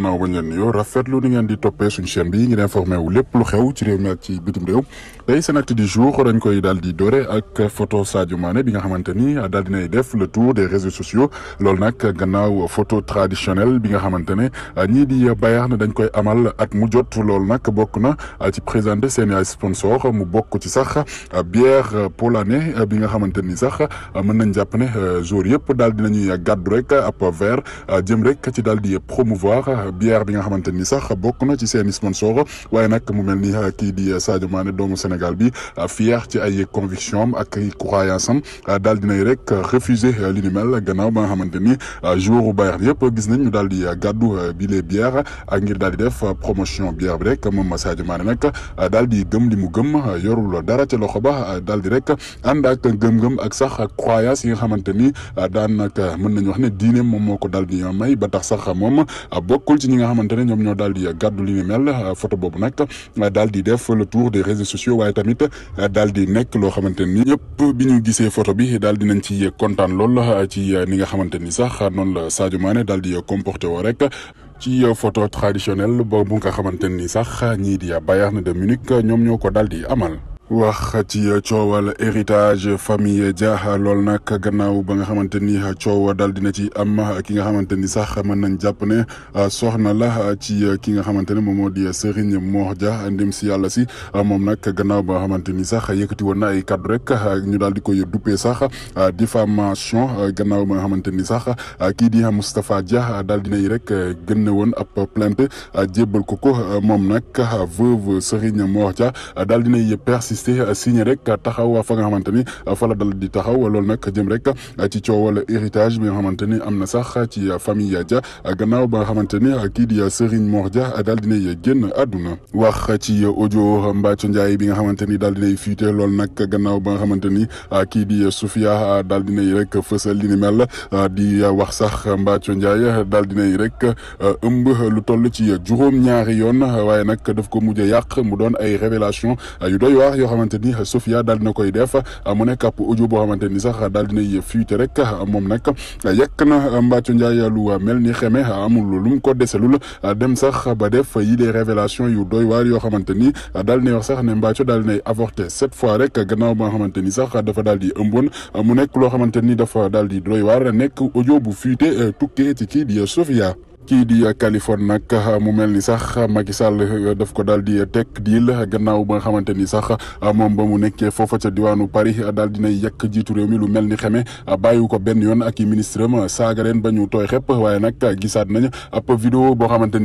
ginnaaw bañ leen nuyoo rafetlu ni ngeen di toppee suñu chaîne bi ngir informé wu lépp lu xew ci réew mi ak ci bitim réew tey seen acte koy daal di doore ak photo Sadio Mané bi nga xamante ni daal dinay def le tour des réseaux sociaux loolu nag gannaaw photo traditionnelle bi nga xamante ne ñii di Bayern dañ koy amal at mu jot loolu nag bokk na ci présenté seen ay sponsor mu bokk ci sax bière polonais bi nga xamante ni sax mën nañ jàpp ne jour yëpp daal dinañuy gàddu rek ab verre jëm rek ci daal di promouvoir bière bi nga xamante ni sax bokk na ci seeni sponsor waaye nag mu mel ni ah, kii di ah, Sadio Mané doomu Sénégal bi ah, fier ci ay conviction am ak ay croyance am daal dinay rek refuser ni mel ba nga xamante ni daal di gàddu bi les bières ak ngir daal di def promotion bi rek moom Sadio Mané nag daal di gëm li mu gëm yorul dara ca loxo ba daal di rek ànd ak gëm-gëm ak sax croyance yi nga xamante ni daanaka na nañu wax ne diine moom moo ko daal di may ba a sax moom bokkul ci ñi nga xamante ne ñoom ñoo daal di gàddu li ni mel photo boobu nag daal di def le tour des réseaux sociaux waaye tamit daal di nekk loo xamante ni ñëpp bi ñu gisee photo bi daal di nañ ci kontaan lool ci ni nga xamante ni sax noonu la Sadio Mané daal di comporté woo rek. ci photo traditionnelle boobu nga xamante ni sax ñii di Bayern de Munich ñoom ñoo ko daal di amal. wax ci coowal héritage famille Dia lool nag gannaaw ba nga xamante ni coow daal dina ci am ki nga xamante ni sax mën nañ jàpp ne ah, soxna la ci kii nga xamante ne moom moo di Serigne Mor Dia ndem si yàlla si ah, moom nag gannaaw ba xamante ni sax yëkkati woon na ay kaddu rek ah, ñu daal di koy duppee sax diffamation gannaaw ba nga xamante ni sax kii di Moustapha Dia daal dinay rek gën woon ab plainte jébbal ko ko moom nag veuve Serigne Mor Dia Cissé signé rek taxaw fa nga xamanteni fa la dal di taxaw lol nak jëm rek ci ciowal héritage bi nga xamanteni amna sax ci famille ja gannaaw ba xamanteni ki di Serigne mordia dal daal dinay génn aduna wax ci audio Mbathio ndjay bi nga xamanteni dal daal dinay fuite loolu nag gannaaw ba xamanteni ki di Soufia daal dinay rek feussal li ni mel di wax sax ndjay dal daal dinay rek ëmb lu toll ci juróom ñaari yoon waye nak daf ko mujjé a yàq mu doon ay révélation yu doy yo xamante ni Sofia daal dina koy def mu nekk ab audio boo xamante ni sax daal dinay fuite rek moom nag yekk na Mbathio Ndiaye lu mel ni xeme amul lu mu ko deselul dem sax ba def fa les révélations yu doy waar yoo xamante ni daal dinay wax sax ne Mbathio daal dinay avorté sept fois rek gannaaw ba nga xamante ni sax dafa daal di ëmboon mu nekk loo xamante ni dafa daal di doy waar nekk audio bu fuite tukkee ci kii di Sofia kii di Californie nak mu melni sax Macky Sall eh, daf ko daal di teg gannaaw ba xamanteni sax eh, mom ba mu nekké fofu ca diwanu Paris eh, daldi nay yak turumi réew mi lu melni ni xeme bàyyi yon benn ak i ministre am saaga leen ba ñu tooy xepp waaye nag bo vidéo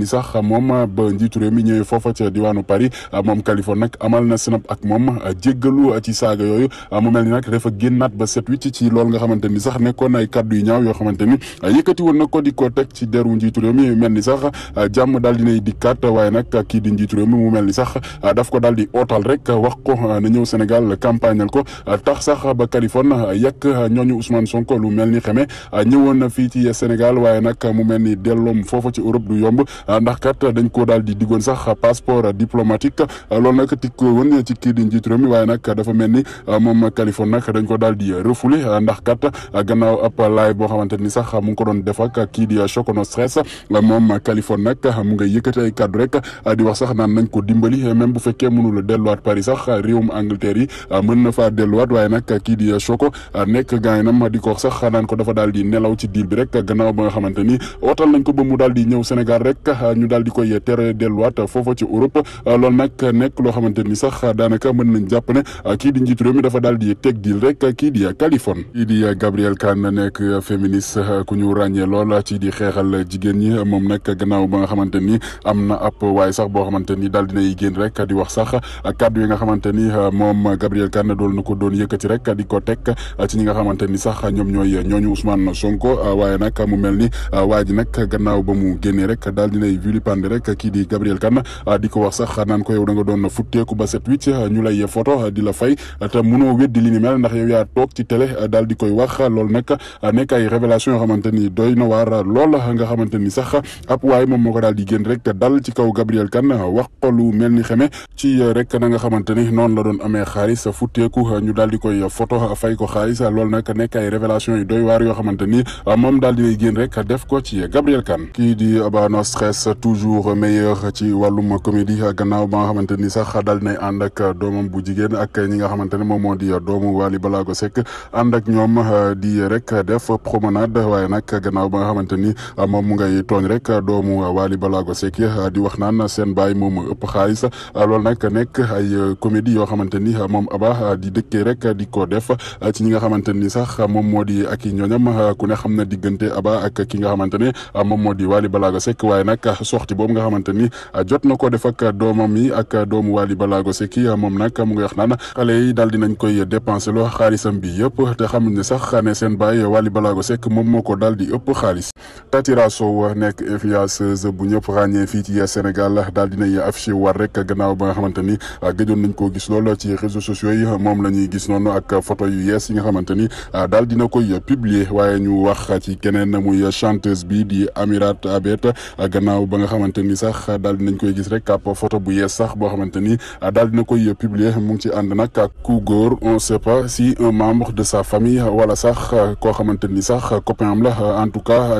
sax mom ba jitu réew mi ñëwee ca diwanu Paris mom Californie nak amal na snap ak mom jéggalu ci saga yoyu mu melni nak nag dafa génnaat ba set wicc ci loolu nga xamanteni sax nekkon ay kàddu ñaaw yoo xamante ni na ko di ko ci deru jitu réew mi e mel ni sax ah, jàmm daal dinay dikkaat waaye nag kii di njiitu réew mi mu mel ni sax ah, daf ko daal di ootal rek wax ko ah, na ñëw Sénégal campagneal ko tax sax ba californe yàq ñooñu Ousmane Sonko lu mel ni xeme ñëwoon na fii ci Sénégal waaye nag mu mel ni delloom foofu ci Europe du yomb ndax kat dañ ko daal di diggoon sax passeport diplomatique loolu nag tikko woon ci kii di njiitu réew mi waaye nag dafa mel ni moom californe nag dañ ko daal di refoulé ndax kat gannaaw ab laay boo xamante ni sax mu ngi ko doon def ak kii di Chocono stress mom California nag xam nga yëkëte ay cadre rek di wax sax naan nañ ko dimbali même bu fekkee mënul wat Paris sax réewum Angleterre yi mën na faa wat waye nak ki di Choco nekk gaañanam di ko wax sax naan ko dafa daal di nelaw ci diil bi rek gannaaw ba nga xamanteni otal nañ ko ba mu di Sénégal rek ñu daal di koy tere wat fofu ci Europe lool nak nek lo xamanteni sax danaka mën nañ japp ne ki di njiitu réew mi dafa daal di e tek rek ki di ya Californie di ya Gabrielle kan nek ya féministe ku ñu ràññee lool ci di xéxal jigen ñi moom nag gannaaw ba nga xamante ni am na app waay sax boo xamante ni daal dinay génn rek di wax sax kàddu yi nga xamante ni moom Gabriel Kane dool na ko doon yëkkati rek di ko teg ci ñi nga xamante ni sax ñoom ñooy ñooñu Ousmane Sonko waay nag mu mel ni waa ji nag gannaaw ba mu génnee rek daal dinay vilipender rek kii di Gabriel Kane di ko wax sax naan ko yow da nga doon futteeku ba set wicc ñu lay photo di la fay te mënoo weddi li ni mel ndax yow yaa toog ci télé daal di koy wax loolu nag nekk ay révélation yoo xamante ni doy na waar lool nga xamante ni sax ab waaye moom moo ko daal di génn rek te dal ci kaw Gabriel Kane wax ko lu mel ni xeme ci euh, rek na nga xamante ni noonu la doon amee xaalis futteeku euh, ñu daal di koy photo euh, fay ko xaalis loolu nag nekk ay révélation yu doy waar yoo xamante ni moom daal dinay génn rek def ko ci Gabriel Kane kii di ba no stress toujours meilleur ci wàllum comédie gannaaw ba nga xamante ni sax daal dinay ànd ak doomam bu jigéen ak ñi nga xamante ne moom moo di doomu Wally Balago Seck ànd ak ñoom di rek def promenade waaye nag gannaaw ba nga xamante ni moom mu ngay tooñ rek doomu Wally Ballago Seck di wax naan seen baay moom ëpp xaalis loolu nag nekk ay comédie yoo xamante ni moom Aba di dëkkee rek di ko def ci ñi nga xamante ni sax moom moo di ak i ñooñam ku ne xam na diggante Aba ak ki nga xamante ne moom moo di Wally Ballago Seck waaye nag sortie boobu nga xamante ni jot na ko def ak doomam yi ak doomu Wally Ballago Seck moom nag mu ngi wax naan xale yi daal dinañ koy dépensé loo xaalisam bi yëpp te xamuñ ne sax ne seen baay Wally Ballago Seck moom moo ko daal di ëpp xaalis Tati so nek influenceuse bu ñëpp rañé fi ci Sénégal dal dina dinay affiché war rek gannaaw ba nga xamanteni ni ah, gëjoon nañ ko gis lool ci réseaux sociaux yi moom la gis noonu ak photo yu yes yi nga xamanteni ah, dal dina koy publier waye ñu wax ci keneen muy chanteuse bi di Amirat Abet ah, gannaaw ba nga xamanteni sax dal dinañ koy gis rek cap photo bu yes sax bo xamanteni dal dina koy publier mu ci and nak ku góor on sait pas si un membre de sa famille wala sax ko xamanteni sax copain am la en tout cas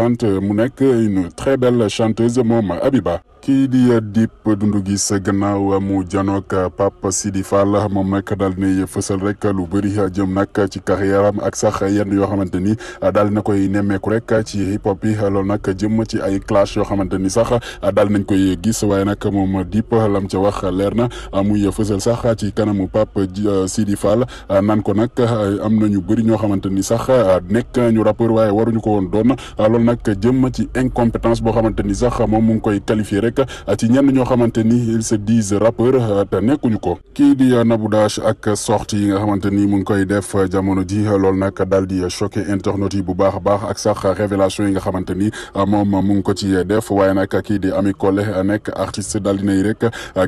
une très belle chanteuse Mom Abiba kii di eh, Dipp Doundou Guiss gannaaw eh, mu janook eh, Pape Sidi Fall moom nag daal dinay fësal rek lu bëri jëm nag ci carrière ak sax yenn yoo xamante ni daal na koy nemmeeku rek ci hip hop yi loolu nag jëm ci ay clash yoo xamante ni sax daal nañ koy gis nag moom Dipp lam ca wax leer na muy fësal sax ci kanamu Pape Sidi Fall naan ko nag am na ñu bëri ñoo xamante ni sax nekk ñu rappeur waaye waruñu ko woon doon loolu nag jëm ci incompétence boo xamante ni sax moom mu ngi koy qualifier rek rek ci ñenn ñoo xamante ni ils se disent rappeurs te nekkuñu ko kii di Nabou Dash ak sortie yi nga xamante ni mu ngi koy def jamono ji loolu nag daal di choqué internautes bu baax a baax ak sax révélation yi nga xamante ni moom mu ngi ko ci def waaye nag kii di Ami Collé nekk artiste daal di nay rek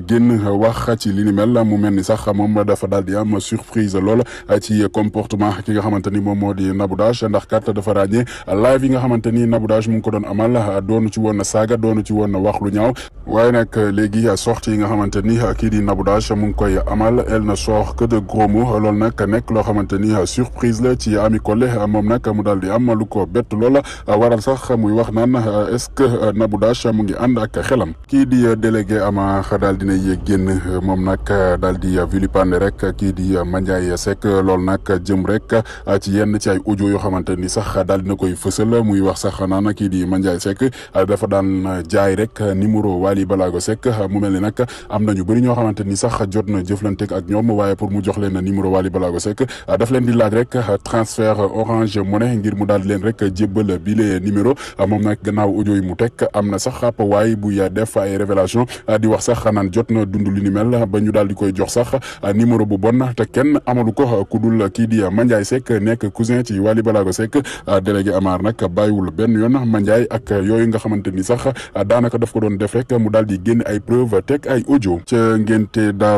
génn wax ci li ni mel mu mel ni sax moom dafa daal di am surprise lool ci comportement ki nga xamante ni moom moo di Nabou Dash ndax kat dafa ràññee live yi nga xamante ni Nabou ngi ko doon amal a doonu ci woon saaga doonu ci woon wax lu ñaaw know waaye nag eh, léegi sortie yi nga xamante ni eh, kii di Nabou mu ngi koy amal elle ne sort que de gros loolu nag nekk loo xamante ni eh, surprise la ci Ami Collé moom nag mu daal di am lu ko bett loola waral sax muy wax naan est-ce que Nabou mu ngi ànd ak xelam. kii di délégué ama daal di nay génn moom nag daal di vilipande rek kii di Mandiaye Seck loolu nag jëm rek ci yenn ci ay audio yoo xamante ni sax daal di na koy fësal muy wax sax naan kii di Mandiaye Seck dafa daan jaay rek numéro Wally Balago Seck mu mel ni nag am na ñu bëri ñoo xamante ni a jot na jëflanteeg ak ñoom waaye pour mu jox leen numéro Wally Balago Seck daf leen di laaj rek transfert Orange Money ngir mu daal leen rek jébbal bi le numéro moom nag gannaaw audio mu teg am na sax ab waay buy def ay révélation di wax sax naan jot na dund mel ba ñu daal di koy jox sax numéro bu bon te kenn amalu ko ku dul kii di Mandiaye Seck nekk cousin ci Wally Balago Seck a Amar mu daal di génn ay preuve teg ay ojo ca ngénte ba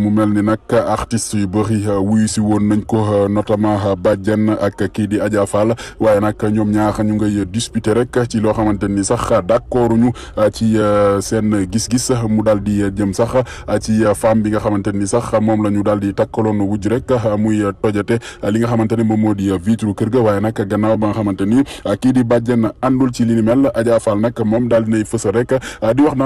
mu mel ni nag artistes yu bëri wuyu si woon nañ ko notamment Badiane ak kii di Adja Fall waaye nag ñoom ñaar ñu ngay disputer rek ci loo xamante ni sax d'accord ñu ci euh, sen gis-gis mu daal di jëm sax a ci femme bi nga xamante ni sax moom la ñu daal di takkaloon wujj rek muy tojate li nga xamante ni moom moo di vitre kër ga waaye nag gannaaw ba nga xamante ni kii di Badiane àndul ci li ni mel Adja nag moom daal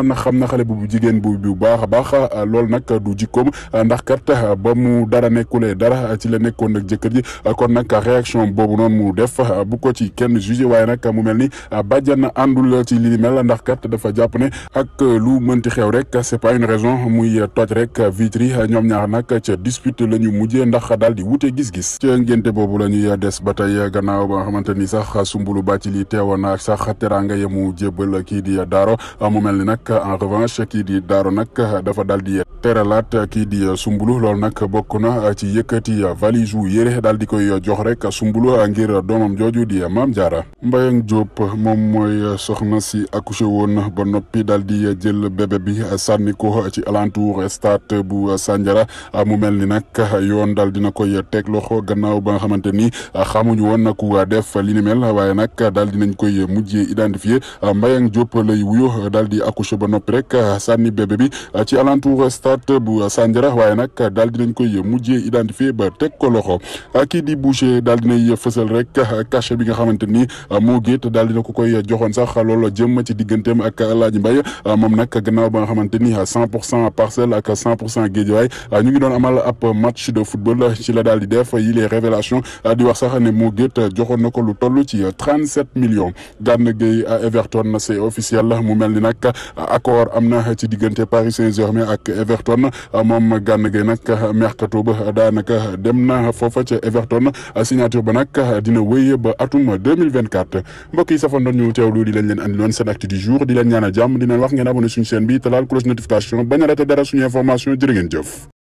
maanaam xamna xale bu jigen bu bu baakha baakha ah, lol nak du jikom ah, ndax kat ah, ba mu dara nekulé dara ci la nekkon nak jëkkër ji kon nak réaction bobu non mu def bu ko ci kenn jugé way nak mu melni ni andul ci li mel ndax kat dafa japp ne ak lu mënti xew rek c'est pas une raison muy toj rek vitri ñom ñaar nak ci dispute lañu mujjé ndax dal di wute gis-gis ci ngenté bobu lañu ya des batay gannaaw ba xamanteni sax sumbulu ci li téwona sax teranga yamu jébbal ki di daro mu melni nak nag en revanche kii di Daaro nag dafa daal di teralaat kii di Soumboulou lool nag bokk na ci yëkkati valise wu yére daal di koy jox rek a Soumboulou ngir doomam jooju di Maam Jaara Mbayang Diop moom mooy soxna si accouché woon ba noppi daal di jël bébé bi sànni ko ci alentour stade bu Sandiara mu mel ni nag yoon daal dina koy teg loxo gannaaw ba nga xamante ni xamuñu woon ku def li ni mel waaye nag dal dinañ koy mujjee identifié Mbayang Diop lay match ba noppi rek ah, bébé bi ah, ci alentour ah, stade bu Sandiara waaye nag daal dinañ koy mujjee identifié ba teg ko loxo kii di Boucher daal dinay fësal rek cachet bi nga xamante ni moo géet daal dina ko koy joxoon sax loolu jëm ci ak Mbaye gannaaw ba parcelle ak 100% pour ñu ngi doon amal ap match de football ci la daal di def yi les révélations di wax sax ne moo géet joxoon lu ci 37 millions Gana Gueye à Everton c'est officiel mu mel ni accord amna ci Paris Saint-Germain ak Everton moom gan mercredi nak mercato ba danaka dem na Everton signature ba nak dina wéy ba atum 2024 mbokk yi ñu di leen leen du jour di leen ñaanal jamm di wax ngeen abonné suñu chaîne bi à la notification bañ raté dara suñu information jërë